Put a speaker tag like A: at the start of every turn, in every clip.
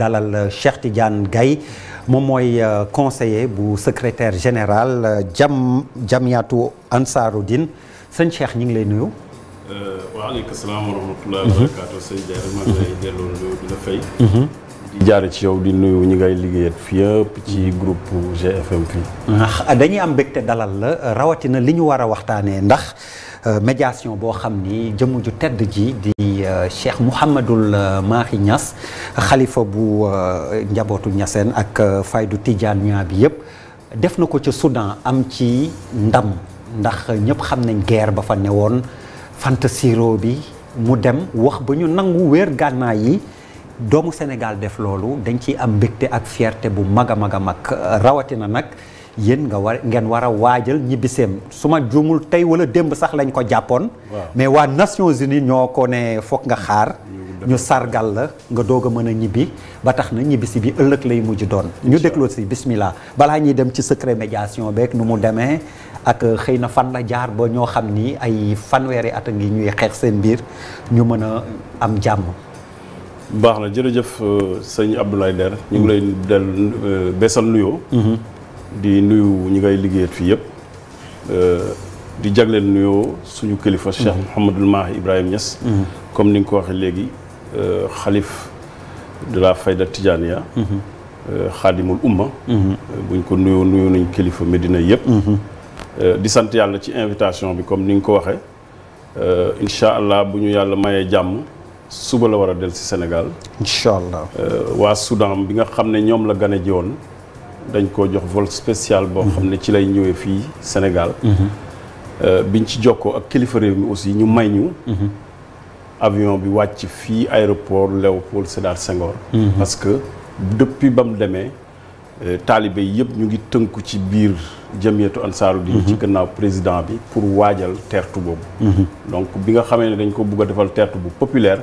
A: dalal euh, Cheikh Tidiane Gaye moom mooy euh, conseiller bu secretaire général euh, jam jamiatu Ansaarudin sëñ Cheikh ñu ngi lay nuyu.
B: waaleykum salaam wa rahmatulah. wa mhm. barakaatu sëñ Diarra ngi lay delloo nuyu di la mhm. ci yow di nuyu ñi ngay liggéeyat fi yëpp ci mhm. groupe GFM fii. Ah,
A: dañuy am mbégte dalal la rawatina li ñu war waxtaanee ndax. Euh, médiation boo xam ni jëmm ju tedd ji di euh, Cheikh Mouhamadul euh, Mahi ñas xalifa bu njabootu Niassène ak faydu Tijaaniya bi yëpp def na ko ca Soudan am ci ndam ndax ñëpp xam nañ guerre ba fa newoon Fanta bi mu dem wax ba ñu nangu weer gànnaay yi doomu Sénégal def loolu dañ ciy am mbégte ak fierté bu mag a mag a mag rawatina nag. yéen nga war ngeen war a waajal ñibbiseem su ma juumul tey wala démb sax lañ ko jàppoon. mais waa Nations Unies ñoo ko ne foog nga xaar. ñu sargal la nga doog a mën a ñibbi ba tax na ñibbisi bi ëllëg lay mujj doon. ñu dégloo si bismillah balaa ñuy dem ci secret médiation beeg nu mu demee ak euh, xëy na fan la jaar ba ñoo xam ni ay fanweeri at a ngi ñuy xeex seen biir ñu mën a am jàmm.
B: baax na jërëjëf euh, sëñ Abdoulaye Der ñu ngi lay mm. del euh, beesal nuyoo. Mm-hmm. di nuyu ñu ngay liggéeyat fii yëpp euh, di jagleel nuyoo suñu kilifa Cheikh mhm. Mouhamadul Mahi Ibrahima Niass mhm. comme ni nga ko waxee léegi euh, xalif de la fayda Tijaniya xaadimul mhm. euh, umma buñ ko nuyoo nuyoo nañ kilifa Medina yëpp di sant yàlla ci invitation bi comme ni nga ko waxee incha allah bu ñu yàlla mayee jàmm suba la war a del si Sénégal incha allah waa Soudan bi nga xam ne ñoom la gane ji woon dañ ko jox vol spécial boo xam ne ci lay ñëwee fii Sénégal euh, biñ ci jokkoo ak kilifa réew mi aussi ñu may ñu avion bi wàcc fii aéroport Léopold Sédar Senghor parce que depuis ba mu demee euh, taalibe yëpp ñu ngi tënku ci biir jamiyatu ansaaru di ci gannaaw président bi pour waajal tertu boobu donc bi nga xamee ne dañ ko bugg a defal tertu bu populaire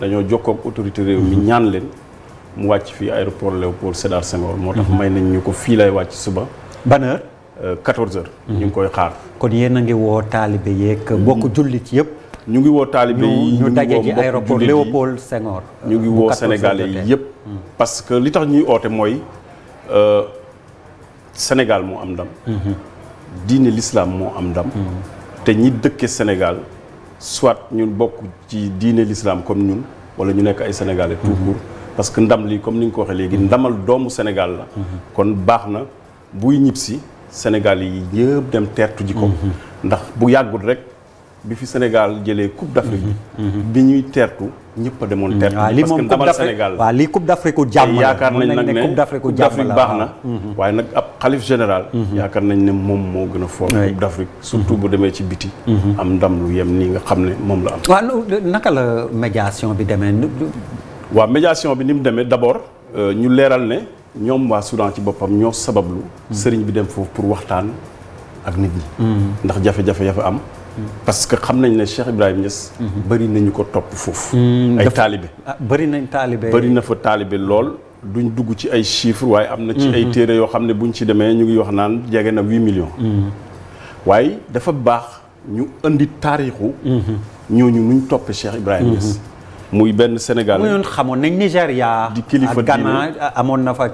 B: dañoo jokkoo ak autorité réew mi ñaan leen mu wàcc fii aéroport Léopold Sédar Senghor. moo tax may nañ ñu ko fii lay wàcc suba. ban heure.
A: 14 euh, heures. Mhm. ñu ngi koy xaar. kon yéen a ngi woo taalibe yeeg mhm. bokk jullit yëpp. ñu ngi woo taalibe yi ñu daje ci aéroport Léopold Senghor. ñu ngi euh, woo sénégalais yi yëpp. Mhm.
B: parce que li tax ñuy oote mooy euh, Sénégal moo am ndam. diine l'islam moo am ndam. te ñi dëkke Sénégal soit ñun bokk ci diine l'islam comme ñun wala ñu nekk ay sénégalais tout court. parce que ndam lii comme ni nga ko waxee léegi ndamal doomu Sénégal la kon baax na buy ñib si Sénégal yi yëpp dem teertu ji ko ndax bu yàggut rek bi fi Sénégal jëlee coupe d'Afrique bi ñuy teertu ñëpp a demoon teertu parce que ndamal Sénégal waaw lii coupe d'Afrique jàmm la yaakaar nañ nag ne coupe d'Afrique baax na mhm. waaye nag ab xalif général mhm. yaakaar nañ ne moom moo gën a fort coupe d'Afrique surtout bu demee ci biti mhm. am ndam lu yem nii nga xam ne moom la
A: am naka la médiation bi demee waaw médiation bi ni mu demee d'abord
B: euh, ñu leeral ne ñoom waa Soudan ci boppam ñoo sabablu sëriñ bi dem foofu pour waxtaan ak nit ñi mm-hmm. ndax jafe-jafe ya am mm-hmm. parce que xam nañ ne Cheikh Ibrahima ñës mm-hmm. bëri nañu ko topp foofu ay taalibe
A: ah, bëri nañ taalibe bari
B: na fa taalibe lool duñ dugg ci ay chiffres waaye am na ci ay téere yoo xam ne bu ñu ci demee ñu ngi wax naan jege na huit million waaye dafa baax ñu indi taarixu ñooñu
A: nuñ toppee Cheikh Ibrahima Niass muy benn Sénégal mu yoon xamoon nañ Nigéria. di kilifa Ghana amoon na fa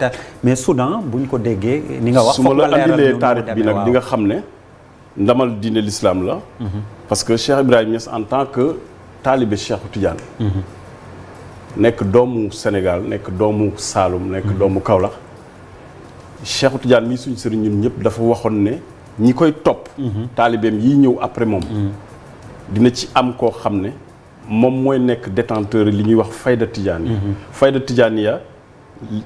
A: mais Soudan buñ ko déggee. ni nga wax la andilee taarix bi nag di nga
B: xam ne. ndamal diine l'islam la. Mhm. parce que Cheikh Ibrahima Niass en tant que taalibe Cheikh Tidiane. Mhm. nekk doomu Sénégal nekk doomu Saloum nekk mhm. doomu Kaolack. Cheikh Tidiane mi suñ seriñ ñun ñëpp dafa waxoon ne ñi koy topp. taalibeem yi ñëw après moom. dina ci am koo xam ne. moom mooy nekk détenteur li ñuy wax fayda tijaaniya mhm. fayda ya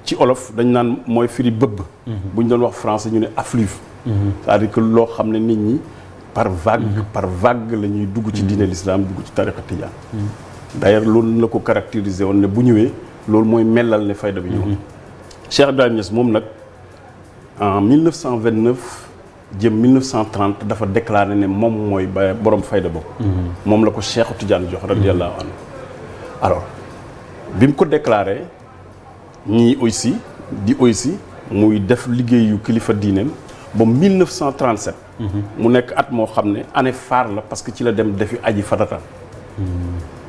B: ci olof dañ naan mooy firi bëbb mhm. bu ñu doon wax français ñu ne affluve mhm. cest à que loo xam ne nit ñi par vague par vague la ñuy dugg ci diine l'islam dugg ci tariqa tijaan d'ailleurs loolu la ko caractériser woon ne bu ñëwee loolu mooy mellal ne fayda bi ñëwoon Cheikh Ibrahim Niass moom nag en 1929 jëm 1930 dafa déclaré ne moom mooy borom fayda boobu. Mhm. moom la ko Cheikh Tidiane jox radiyallahu anhu alors bi mu ko déclaré ñii aussi di oysi muy def liggéeyu kilifa diineem ba 1937. Mhm. mu nekk at moo xam ne année phare la parce que ci la dem defi aji farata. Mhm.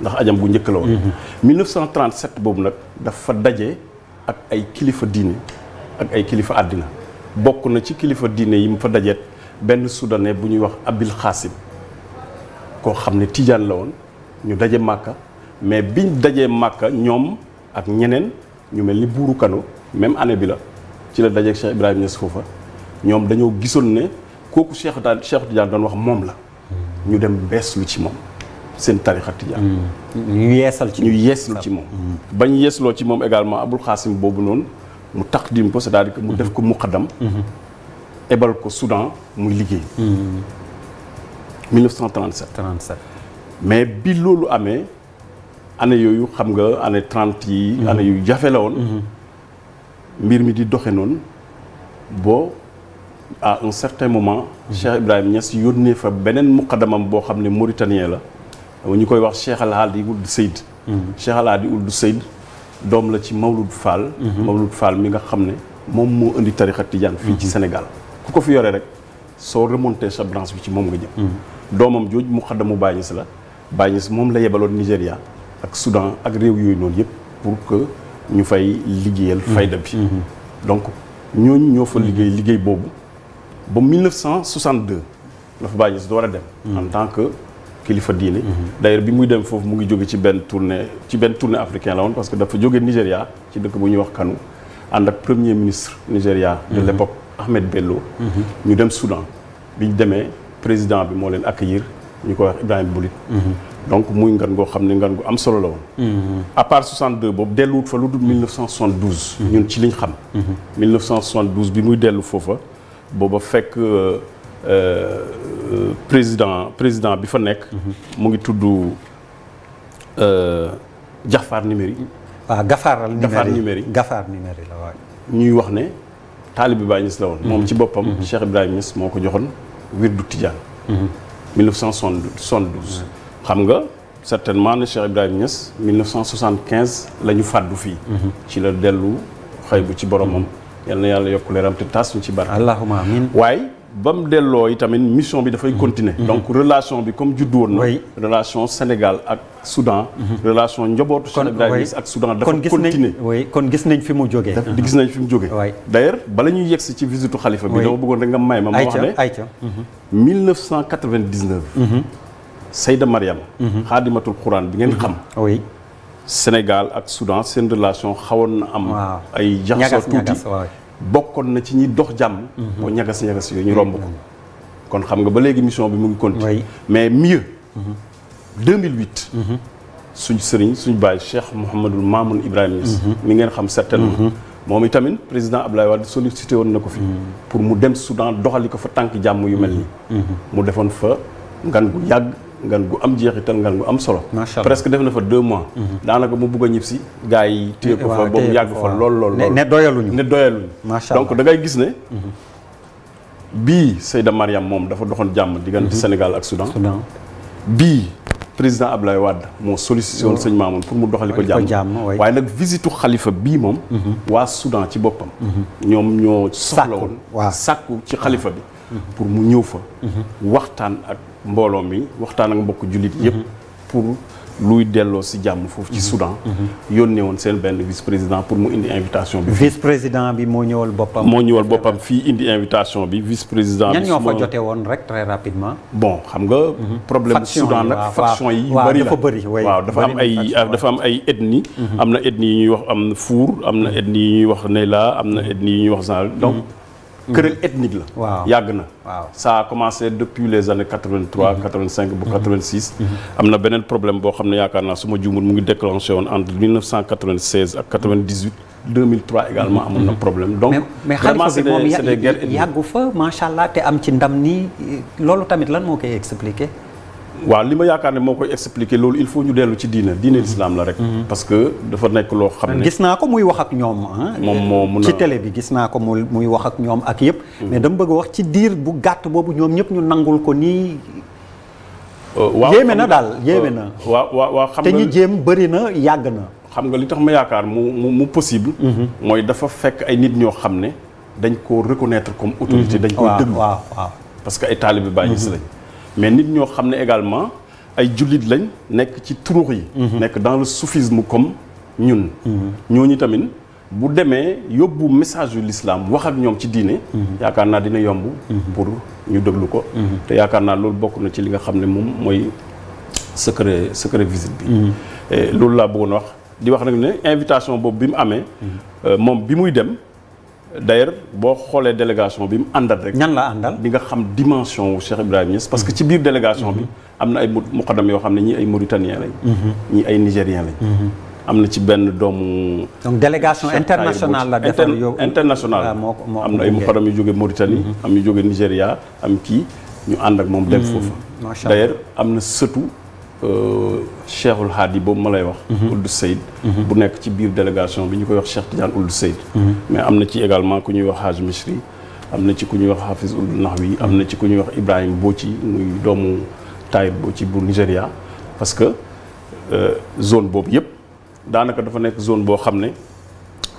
B: ndax ajam bu njëkk la woon. boobu nag dafa daje ak ay kilifa diine ak ay kilifa àddina. bokk na ci kilifa diine yi mu fa dajeet benn soudanais bu ñuy wax abil xaasim koo xam ne tijaan la woon ñu daje màkka mais biñ dajee màkka ñoom ak ñeneen ñu mel ni buuru kano même année bi la ci la dajeeg Cheikh Ibrahima Niass foofa ñoom dañoo gisoon ne kooku Cheikh daan Cheikh Tidiane doon wax moom la ñu dem bees lu ci moom seen tarixa tijaan mm. ñu yeesal ci ñu yeeslu ci moom mm. bañ yeesloo ci moom également abul xaasim boobu noonu mu taqdim ko c'est-à-dire que mu def ko muqaddam mhm. ebal ko Soudan muy liggéey 1937 mhm. 37 mais bi loolu amee année yooyu xam nga année 30 yi mhm. année yu jafe la woon mbir mi di doxe noonu boo à un certain moment Cheikh Ibrahim Niass yónnee fa beneen muqaddamam boo xam ne mauritanien la ñu koy wax Cheikh Al Hadi Ould Seyd Cheikh Al Hadi Ould Seyd doom la ci Mawlud Fall. Mhm. Mawlud Fall mi nga xam ne moom moo indi a tijaan fii ci mhm. Sénégal ku ko fi yore rek soo remonté sa branche bi ci moom nga jëm. Mhm. doomam jooj mu xaddamu Baay Ñas la Baay Ñas moom la yebaloon Nigéria ak Soudan ak réew yooyu noonu yëpp pour que ñu fay liggéeyal fayda bi donc ñooñu ñoo fa liggéey liggéey boobu ba 1962 la fa Baay Ñas door a dem en tant que kilifa diine. Mhm. d'ailleurs bi muy dem foofu mu ngi jóge ci benn tournée ci benn tournée africain la woon parce que dafa jóge Nigéria ci dëkk bu ñuy wax Kano ànd ak premier ministre Nigéria. de mhm. l'époque Ahmed Bello. Mhm. ñu dem Soudan bi ñu demee président bi moo leen accueillir ñu ko wax Ibrahima Boulit. donc muy ngan ngoo xam ne ngan gu am solo la woon. à part 62 boobu delluwut fa lu dul 1972. ñun ci liñ xam. 1972 bi muy dellu foofa booba fekk. Euh, Euh, président président bi fa nekk. Mhm. mu ngi tudd euh, Jaafar Nimeri. waaw ah,
A: Gafaar Nimeri Gafaar Nimeri la waaw.
B: ñuy wax ne taalib bi Baay Ñas la woon. Mhm. moom ci boppam. Mhm. Cheikh Ibrahima Ñas moo ko joxoon wirdu Tijaan. 1972. xam nga certainement ne Cheikh Ibrahima Ñas 1975 la ñu fàddu fii. ci la dellu xëy bu ci boromam. yal na yàlla yokk leeram te taas ñu ci barke. waaye. ba mu delloo yi tamit mission bi dafay mhm. continuer mhm. donc relation bi comme juddu woon na relation Sénégal ak Soudan mhm. relation njobootu Sénégal gis ak Soudan dafa continuer
A: kon gis nañ fi mu jógee gis nañ fi mu jógee
B: d'ailleurs bala ñuy yegsi ci visitu xalifa bi dama bëggoon rek nga may ma ma wax
A: ne
B: 1999 Seyda Mariam xaadimatul Quran bi ngeen xam Sénégal ak Soudan seen relation xawoon na am ay jaxasoo tuuti bokkoon na ci ñi dox jàmm. boo mhm. ñagas ñagas yooyu ñu romb ko. Mhm. kon xam nga ba léegi mission bi mu ngi continuer mais mieux. 2008. Mhm. suñ sëriñ suñ baay Cheikh Mouhamadul Mamoun Ibrahima Niass. mi ngeen xam certainement. moom itamit président ab Abdoulaye Wade sollicité woon na ko fii pour mu dem Soudan doxali ko fa tànk jàmm yu mel nii. mu defoon fa ngan gu yàgg. ngan gu am jeexital ngan gu am solo. presque def na fa deux mois. Mhm. daanaka mu bugg a ñib si gars yi téye ko fa ba mu yàgg fa lool lool. ne doyaluñu ne doyaluñu. donc da ngay gis ne. Mhm. bii Seyda Mariam moom dafa doxoon jàmm diggante mhm. Sénégal ak Soudan. bii président Abdoulaye Wade moo sollicité woon sëñ Mamoun pour mu doxali ko jàmm waaye nag visitu xalifa bii moom. waa Soudan ci boppam. ñoom ñoo soxla woon. sàkku ci xalifa bi. pour mu ñëw fa. waxtaan ak. mbooloo mi waxtaan ak mbokk jullit mhm. yëpp pour luy delloo si jàmm foofu ci mhm. Soudan. Mhm. yónnee woon seen benn vice président pour mu indi
A: invitation bi. vice président bi moo ñëwal boppam.
B: moo ñëwal boppam fii indi invitation bi vice président. bi ñan ñoo fa jote
A: woon rek très rapidement.
B: bon xam nga. problème Soudan nag faction yi yu bëri la bëri waaw dafa am ay ah, dafa am ay ethnie. am na ethnie yu ñuy wax am na Fuur am na ethnie yu ñu wax Neyla am na ethnie yu ñuy wax Zal donc. querelle ethnique la. waaw yàgg na. waaw ça a commencé depuis les années 83 85 mhm. ba 86. Mhm. Mhm. am na beneen problème boo xam ne yaakaar naa su ma juumul mu ngi déclenché woon entre 1996 ak 98. 2003
A: également amoon na problème donc. mais xalifa bi moom yàggu fa macha allah te am ci ndam nii loolu tamit lan moo koy expliqué. waaw li ma yaakaar ne moo koy expliquer loolu
B: il faut ñu dellu ci diine diine lislaam la rek. Mhm. parce que dafa nekk loo xam ne. gis naa
A: ko muy wax ak ñoom ah. moom moo mun a ci télé bi gis naa ko muy wax ak ñoom ak yëpp. Mhm. mais dama bëgg a wax ci diir bu gàtt boobu ñoom ñëpp ñu nangul ko nii. Euh, waaw yéeme na daal yéeme euh, na.
B: waa waaw waaw xam nga jéem
A: bëri na yàgg na.
B: xam nga li tax ma yaakaar mu mu mu possible. Mhm. mooy dafa fekk ay nit ñoo xam ne dañ ko reconnaître comme autorité. dañ koy déglu waaw waaw parce que ay taalibe bàyyi si lañ. mais nit ñoo xam ne également ay jullit lañ nekk ci turux yi. Mhm. nekk dans le soufisme comme ñun. Mhm. ñooñu tamit bu demee yóbbu message yu lislaam wax ak ñoom ci diine. Mhm. yaakaar naa dina yomb. pour ñu déglu ko. te yaakaar naa loolu bokk na ci li nga xam ne moom mooy secret secret visite bi. loolu laa bëggoon wax di wax nag ne invitation boobu bi mu amee. Euh, moom bi muy dem. d'ailleurs boo xoolee délégation bi mu àndal rek. ñan la àndal di nga xam dimension wu Cheikh Ibrahima Niass. parce que ci biir délégation bi mhm. am na ay muqaddam yoo xam ne ñii ay Mauritaniens lañ. Mhm. ñii ay Nigériens lañ. Mhm. am na ci benn doomu. donc délégation internationale la defar yow internationale ah, am na ay muqaddam yu jóge Mauritanie. am yu jóge Nigéria am kii ñu ànd ak moom. dem foofu d'ailleurs am na sëtu. Euh, Cheikhul yi boobu ma lay wax. Mhm. Ould Seyid. Mhm. bu nekk ci biir délégation bi ñu koy wax Cheikh Tidiane Ould Seyid. Mhm. mais am na ci également ku ñuy wax Haj Misri am na ci ku ñuy wax Hafiz Ould Nahwi am na ci ku ñuy wax boo ci muy doomu Taïb Bocci bu Nigéria parce que euh, zone boobu yëpp daanaka dafa nekk zone boo xam ne.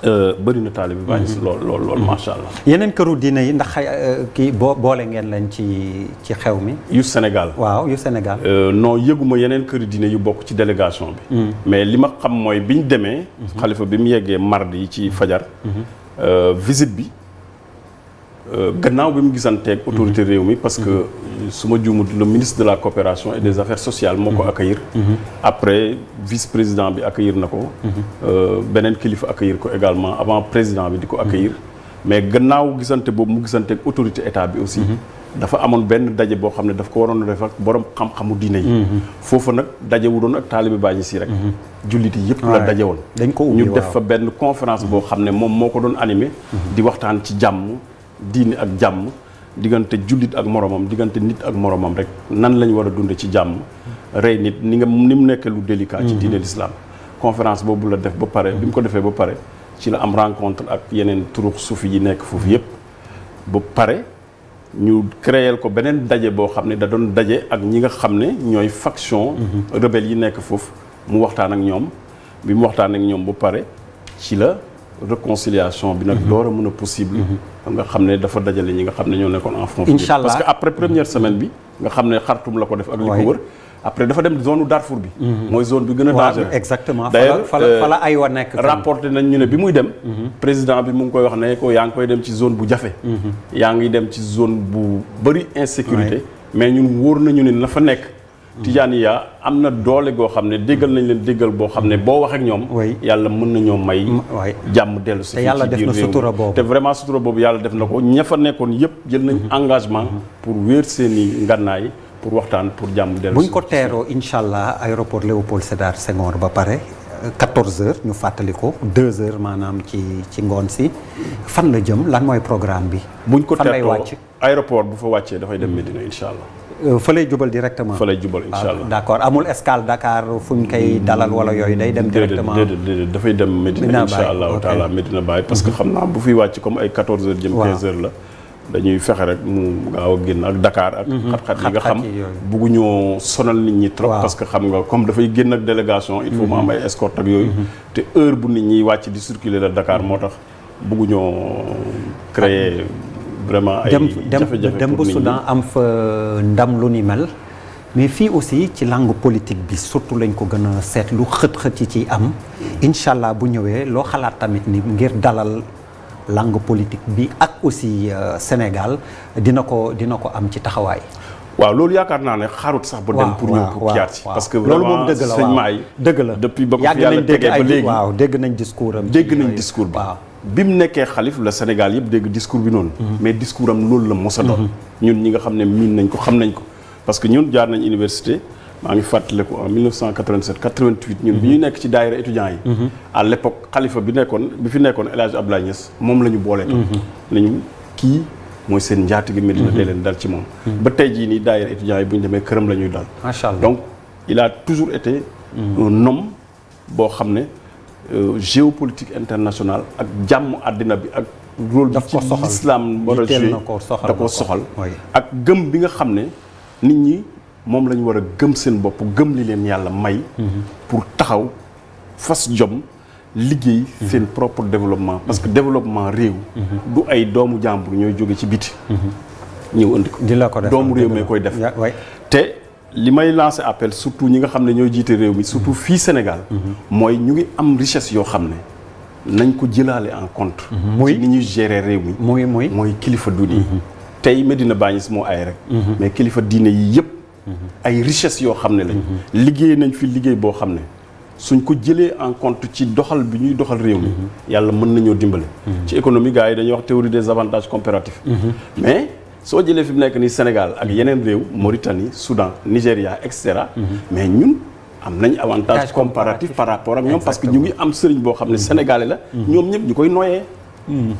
B: Euh,
A: bëri na taalibe bi bàyyi si mhm. lool lool lool mhm. allah. yeneen këru diine yi ndax euh, kii boo boole ngeen leen ci ci xew mi. yu Sénégal waaw yu Sénégal. Euh, non yëguma yeneen këru diine yu bokk
B: ci délégation bi. Mm. mais li ma xam mooy bi ñu demee. Mhm. xalifa bi mu yeggee mardi ci fajar. visite bi. Euh, gannaaw bi mu gisanteeg autorité réew mi parce que su ma juumut le ministre de la coopération et des affaires sociales moo ko mhm. accueillir mhm. après vice président bi accueillir na ko mhm. euh, beneen kilifa accueillir ko également avant président bi di ko accueillir mais gannaaw gisante boobu mu gisanteeg autorité état bi aussi dafa amoon benn daje boo xam ne daf ko waroon a def ak borom xam-xamu diine yi foofa nag daje wu doon ak taalibe bàyyi si rek jullit yi yëpp la daje woon dañ ko benn conférence boo xam ne moom moo ko doon animé di waxtaan ci jàmm diine ak jàmm diggante jullit ak moroomam diggante nit ak moromam rek nan lañu war a dunde ci jàmm rey nit ni nga ni mu nekkee lu délicat ci mhm. diine l'islam conférence boobu la def ba pare bi mu ko defee ba pare ci la am rencontre ak yeneen turux suufi yi nekk foofu yépp ba pare ñu créer ko beneen daje boo xam ne da doon daje ak ñi nga xam ne ñooy faction mhm. rebelle yi nekk foofu mu waxtaan ak ñoom bi mu waxtaan ak ñoom ba pare ci la réconciliation bi nag mhm. door a mën a possible mhm. nga xam ne dafa dajale ñi nga xam ne ñoo nekkoon en front incha allah parce que après première semaine bi nga xam ne xartum la ko def ak li ko wër après dafa dem zone Darfour bi mhm. mooy zone bi gën a dangereux exactement d'ailleurs fa la euh, ay wa nekk rapporté nañ ñu ne bi muy dem président bi mu ngi koy wax ne ko yaa ngi koy dem ci zone bu jafe yaa ngi dem ci zone bu bëri insécurité mais ñun wóor nañu ni na fa nekk Tijaaniya am na doole goo xam ne déggal nañ leen déggal boo xam ne boo wax ak ñoom. yàlla mën nañoo may. jàmm dellu si. te yàlla def na sutura te vraiment sutura boobu yàlla def na ko ña fa nekkoon yëpp jël nañ mhm. engagement. pour wéer seeni ngànnaay pour waxtaan pour jàmm dellu si. buñ ko
A: teeroo incha allah aéroport Léopold Sédar Senghor ba pare. 14 heures ñu fàttali ko 2 heures maanaam ci ci ngoon si fan la jëm lan mooy programme bi. buñ ko teeroo fan lay wàcc
B: aéroport bu fa wàccee dafay dem Medina mhm. incha allah.
A: Euh, fa lay jubal directement. fa lay
B: jubal incha ah, allah d' accord amul escale
A: Dakar fu ñu koy dalal wala yooyu day dem. directement déedéet déedéet dafay dem. Medina Baye incha allahu taala Medina
B: Baye parce que xam naa bu fiy wàcc comme ay 14 heures jëm 15 heures la. dañuy fexe rek mu gaaw a génn ak dakaar ak mhm. xat-xat yi nga xam bugguñoo sonal nit ñi trop parce que xam nga comme dafay génn ak délégation il faut mu am mhm. ay escorte ak yooyu mhm. te heure bu nit ñiy wàcc di circuler la Dakar moo tax bugguñoo créer vraiment ay dem ba Soudan
A: am fa euh, ndam lu ni mel. mais fii aussi ci langue politique bi surtout lañ ko gën a seetlu xët-xët yi ciy am incha allah bu ñëwee loo xalaat tamit ni ngir dalal langue politique bi ak aussi euh, Sénégal dina ko dina ko am ci taxawaay.
B: waaw loolu yaakaar naa ne xaarut
A: sax ba dem pour ñëw pour kiyaat si parce que vraiment sëñ Maay
B: dëgg la waaw dégg nañ discours am dégg nañ discours bi bi mu nekkee xalif la Sénégal yëpp dégg discours bi noonu. Mhm. mais discours am loolu la mos a doon. Mhm. ñun ñi nga xam ne miin nañ ko xam nañ ko. parce que ñun jaar nañ université maa ngi ko en 1987 88. ñun bi ñu nekk ci daayira étudiants yi. Mhm. à l' xalifa bi nekkoon bi fi nekkoon El Hadj Abdoulaye Niass moom la ñu boole. nañu kii mooy seen njaatige Medina dee leen dal ci moom. ba tey jii nii daayira étudiants yi bu ñu demee këram la ñuy dal. macha allah donc toujours été. un homme boo xam ne. Euh, géopolitique internationale ak jàmm àddina bi ak rôle bi ci l'islam war a joué da ko soxal ak gëm bi nga xam ne nit ñi moom la ñu war a gëm seen bopp gëm li leen yàlla may mhm. pour taxaw fas jom liggéey mhm. seen propre développement parce que mhm. développement réew du ay doomu jàmbur ñooy jóge ci biti ñëw andi ko doomu réew mee koy def te li may lancé appel surtout ñi nga xam ne ñoo jiite réew mi surtout fii Sénégal. mooy ñu ngi am richesse yoo xam ne. nañ ko jëlaale en compte. muy ni ñuy gérer réew mi. muy muy mooy kilifa diine yi. Mhm. tey Medina Bañes moo ay rek. Mhm. mais kilifa diine yi yëpp. Mhm. ay richesse yoo xam ne lañ. liggéey nañ fi liggéey boo xam ne suñ ko jëlee en compte ci doxal bi ñuy doxal réew mi. yàlla mën nañoo dimbale. ci économie gars yi dañuy wax théorie des avantage comparatifs. mais soo jëlee fi mu nekk nii Sénégal ak yeneen réew Mauritanie Soudan Nigéria et cetera mhm. mais ñun am nañ avantage comparatif par rapport ak ñoom parce que ñu ngi am sëriñ boo xam ne mhm. sénégalais la mhm. ñoom ñëpp ñu koy nooyee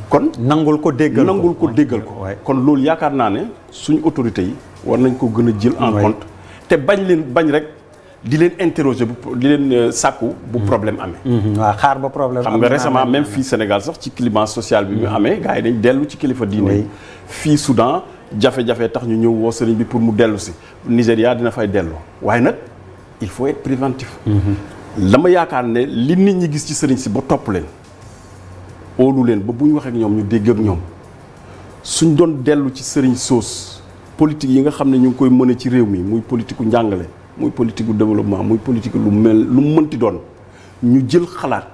B: kon nangul ko déggal ko nangul ko déggal kon loolu yaakaar naa ne suñu autorité yi war nañ ko gën a jël en compte te bañ leen bañ rek di leen interroger bu di leen euh, sàkku bu problème amee. waaw xaar ba problème xam nga récemment même fii Sénégal sax ci climat social bi mu amee gars yi dañ dellu ci kilifa diine fii Soudan. jafe-jafe tax ñu ñëw woo sëriñ bi pour mu dellu si Nigéria dina fay dellu waaye nag il faut être préventif
A: mhm.
B: dama yaakaar ne li nit ñi gis ci sëriñ si ba topp leen óolu leen ba bu ñu waxee ak ñoom ñu dégg ak ñoom suñ doon dellu ci sëriñ soos politique yi nga xam ne ñu ngi koy mëne ci réew mi muy politiku njàngale muy politique u développement muy politique lu mel lu mënti doon ñu jël xalaat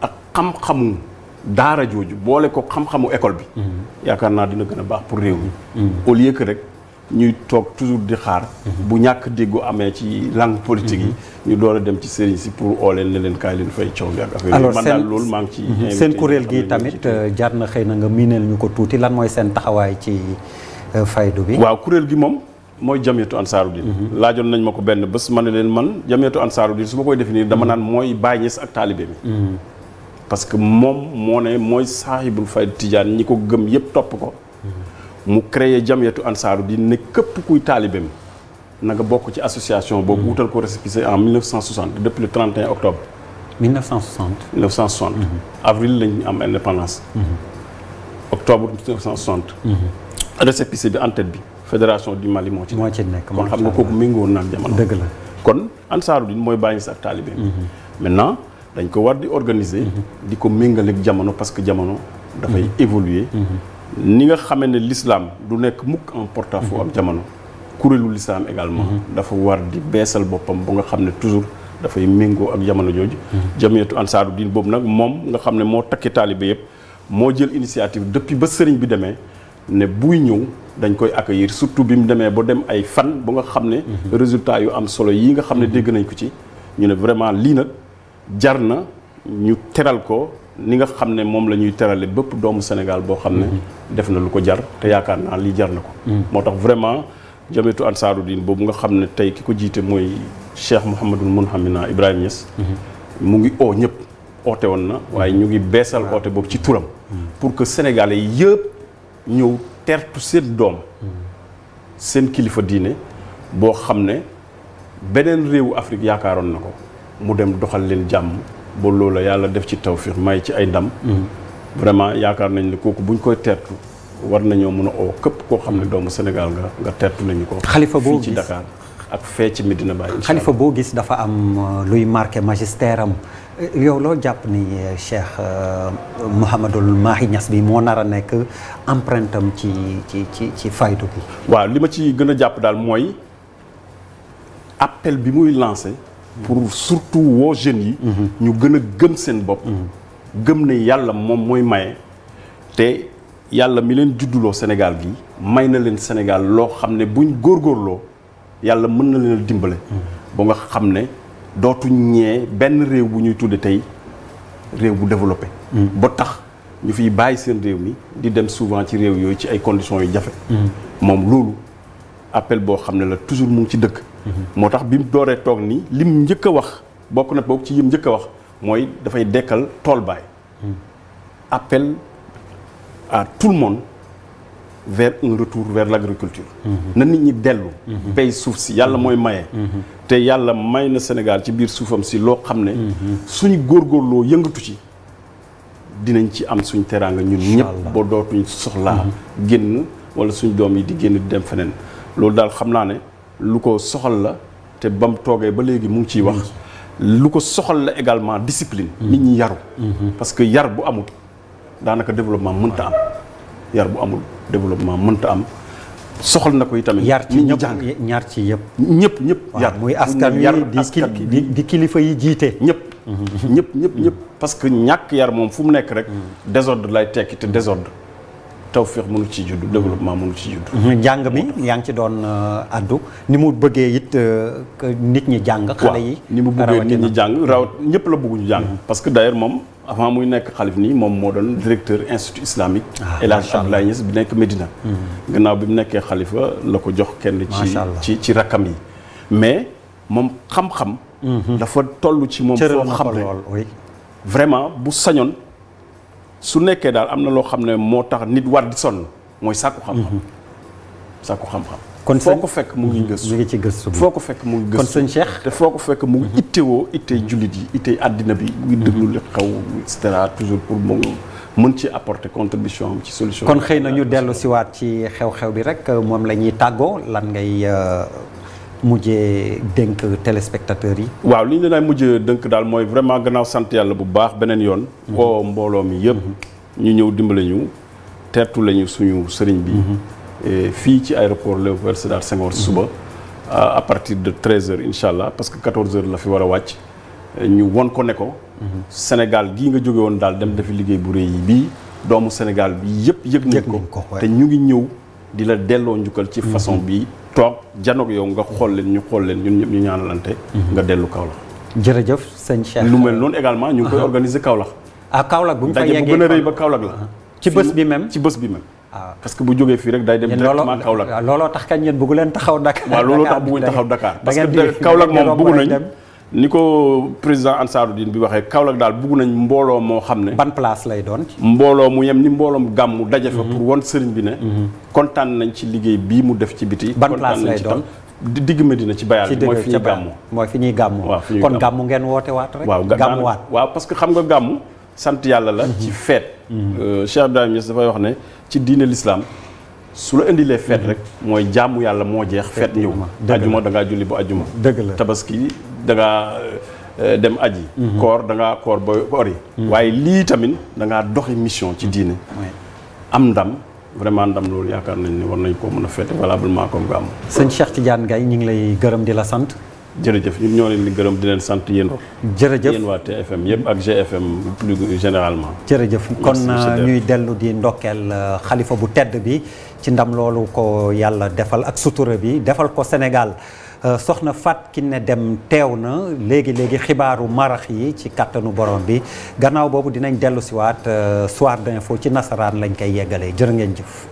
B: ak xam-xamu daara jooju boole ko xam-xamu école bi. Mhm. yaakaar naa dina gën a baax pour réew mi. Mhm. au lieu rek ñuy toog toujours di xaar. Mhm. bu ñàkk déggoo amee ci langue politique yi. ñu door a dem ci sëriñ si pour oo leen leen kaay leen fay coow bi ak affaire man daal loolu maa ngi ci. seen kuréel
A: gi tamit euh, jaar na xëy na nga miineel ñu ko tuuti lan mooy seen taxawaay ci euh, faydu bi. waaw
B: kuréel gi moom. mooy jamiyatu ansaaruddin laajoon nañ ma ko benn bés ma ne leen man jamiyatu ansaaruddin su ma koy définir dama naan mooy bàyyi ak taalibe parce que moom moo ne mooy saahibul fayda tijaan ñi ko gëm yëpp topp ko mu créé jamiyatu ansaaru di ne képp kuy taalibeem na nga bokk ci association boobu mm-hmm. wutal ko récépissé en 1960 depuis le 31 octobre
A: 1960 1960 mm-hmm.
B: avril lañ am indépendance mm-hmm. octobre 1960 récépissé bi en tête bi fédération du Mali moo ci moo ci nekk moo xam nga kooku méngoo naan jamono dëgg la kon ansaaru din mooy bàyyi sa ak taalibeem maintenant dañ ko war di organiser. di ko méngaleek jamono parce que jamono. dafay évoluer. ni nga xamee ne l'islam du nekk mukk en porte foo am jamono. kuréelu lislaam également dafa war di beesal boppam bu nga xam ne toujours dafay méngoo ak jamono jooju jamiyatu ansaaru diin boobu nag moom nga xam ne moo takki taalibe yëpp moo jël initiative depuis ba sëriñ bi demee ne buy ñëw dañ koy accueillir surtout bi mu demee ba dem ay fan ba nga xam ne mhm. résultat yu am solo yi nga xam ne dégg nañ ko ci ñu ne vraiment lii nag jar na ñu teral ko ni nga xam ne moom la ñuy terale bépp doomu Sénégal boo xam ne mhm. def na lu ko jar te yaakaar naa lii jar na ko mhm. moo tax vraiment jametu Ansaarud-Din boobu nga xam ne tey ki ko jiite mooy Cheikh Mouhamadul Mounhamina Ibrahima Niass mhm. mu ngi oo ñëpp oote woon na waaye ñu ngi beesal oote boobu ci turam pour que yi yëpp ñëw tertu seen doom seen kilifa diine boo xam ne beneen réewu Afrique yaakaaroon na ko mu dem doxal leen jàmm ba loola yàlla def ci tawfiix may ci ay ndam mhm. vraiment yaakaar nañ ne kooku buñ koy teertu war nañoo mën a oo képp koo xam ne doomu Sénégal
A: nga nga teertu nañu ko xalifa boobu ci Dakar
B: ak fee ci Medina
A: xalifa boo gis dafa am euh, luy marqué magistère am euh, yow loo jàpp ni euh, Cheikh Mouhamadul Mahi ñas bi moo nar a nekk empreinte ci ci ci ci faydu bi
B: waaw li ma ci gën a jàpp daal mooy appel bi muy lancé pour surtout woo jeunes yi. ñu gën a gëm seen bopp. gëm ne yàlla moom mooy maye te yàlla mi leen judduloo Sénégal gi may na leen Sénégal loo xam ne buñ góor góorloo yàlla mën na leen a dimbale. ba nga xam ne dootuñ ñee benn réew bu ñuy tudde tey réew bu développé. ba tax ñu fiy bàyyi seen réew mi di dem souvent ci réew yooyu ci ay conditions yu jafe. moom loolu. appel boo xam ne la toujours mu ngi ci dëkk. moo tax bi mu dooree toog nii lim njëkk a wax bokk na boog ci yim njëkk a wax mooy dafay dekkal tool baay. appel à tout le monde vers un retour vers l' agriculture. Mhm. na nit ñi dellu. Mhm. béy suuf si yàlla mooy maye. Mhm. te yàlla may na Sénégal ci biir suufam si loo xam ne. suñu góorgóorloo yëngatu ci. dinañ ci am suñ teraanga ñun ñëpp. ba dootuñ soxlaa génn wala suñ doom yi di génn di dem feneen. loolu daal xam naa ne lu ko soxal la te ba mu toogee ba léegi mu ngi ciy wax lu ko soxal la également discipline mm-hmm. nit ñi yaru mm-hmm. parce que yar bu amul daanaka développement mënta am yar bu amul développement mënta am soxal na ko itamit yar
A: ci ñëpp ñaar ci yëpp ñëpp ñëpp yar muy askan wi
B: di di kilifa yi jiite ñëpp mm-hmm. ñëpp ñëpp ñëpp parce que ñàkk yar moom fu mu nekk rek désordre lay tekki te désordre tawféex mënu ci juddu développement mënu ci juddu.
A: njàng mi yaa ngi ci doon euh, addu ni mu bëggee it euh, nit ñi jàng. xale yi ni mu bëggee nit ñi
B: jàng rawat ñëpp la bëgg ñu jàng. parce que d'ailleurs moom avant muy nekk xalif nii moom moo doon directeur institut islamique. Ah, El Hadj Abdoulaye Niass bi nekk Medina. Mm-hmm. gannaaw bi mu nekkee xalifa la ko jox kenn. ci ci ci rakkam yi. mais moom xam-xam. Mm-hmm. dafa toll ci moom. foo xam ne vraiment bu sañoon. su nekkee daal am na loo xam ne moo tax nit war di sonn mooy sàkku xam-xam mhm. sàkku xam-xam kon foo ko fekk mu ngi gës mu ngi ci gëstu foo ko fekk mu ngi gëstu kon foo ko fekk mu ngi ittewoo ittey jullit yi ittey àddina bi ngi mhm. déglu li xaw et cetera toujours pour mu mën ci apporter contribution am ci solution kon xëy
A: na ñu dellu si waat ci xew-xew bi rek moom la ñuy tàggoo lan ngay euh, mujjee dënk téléspectateurs yi. waaw
B: li ñu leen ay mujjee dënk daal mooy vraiment gannaaw sant yàlla bu baax beneen yoon. Mhm. woo mbooloo mi yëpp. Mhm. ñu ñëw dimbale ñu teertu lañu suñu sëriñ bi. Mhm. fii ci aéroport Léopold Sédar Senghor suba. partir de 13h incha allah parce que 14h la fi war a wàcc. ñu won ko ne ko. Sénégal gii nga jóge woon daal dem dafi liggéey bu rëy yi bii. doomu Sénégal bi yëpp yëg nañ ko te ñu ngi ñëw. di la delloo njukkal ci façon mhm. bi toog janoog yow nga xool leen ñu xool leen ñun ñëpp ñu ñaanalante mhm. nga dellu Kaolack
A: jërëjëf sëñ Cheikh lu mel noonu également ñu ngi koy organiser Kaolack ah Kaolack bu ñu fa yeggee daje a rëy ba
B: Kaolack la ci bës bi même ci bës bi même waaw ah. bu jógee fii rek day dem directement Kaolack looloo
A: tax kañ yéen leen taxaw Dakar waaw looloo tax bëgguñ taxaw Dakar parce que Kaolack moom bëggu nañ
B: ni ko président Ansaarudine bi waxee Kaolack daal bugg nañ mbooloo moo xam ne. ban place lay doon. mbooloo mu yem ni mbooloom gàmmu daje fa. Mhm. pour won sëriñ bi ne. Mhm. kontaan nañ ci liggéey bii mu def ci biti. ban place lay doon di digg dina ci bayaal bi mooy fi ñuy gàmmu
A: mooy fi ñuy gàmmu kon gàmmu ngeen woote waat rek. waaw gàmmu waat waaw parce que xam nga gàmmu sant yàlla
B: la. Mhm. ci feet. Euh, Cheikh Ibrahima Niass dafay wax ne ci diine l'islam su la indilee feet rek mooy jaamu yàlla moo jeex feet ñëw ajuma da ngaa julli bu ajuma dëgg la tabaski da ngaa euh, dem aji mhm. koor da ngaa koor ba koor yi mhm. waaye lii tamit dangaa ngaa doxi mission ci mhm. diine am ndam vraiment ndam loolu yaakaar nañ ne war nañ koo mën a fête valablement comme gàmmu sëñ ci Tidiane Gaye ñu ngi lay gërëm di la sant jërëjëf ñun ñoo leen di gërëm di leen sant yéen jërëjëf yéen waa TFM yëpp ak GFM plus généralement
A: jërëjëf kon euh, ñuy dellu di euh, xalifa bu tedd bi ci ndam loolu ko yàlla defal ak sutura bi defal ko Sénégal euh, soxna ki ne dem teew na léegi léegi xibaaru marax yi ci kàttanu borom bi gannaaw boobu dinañ dellu si waat euh, soir d'info ci nasaraan lañ koy yeggalee jër ngeen jëf.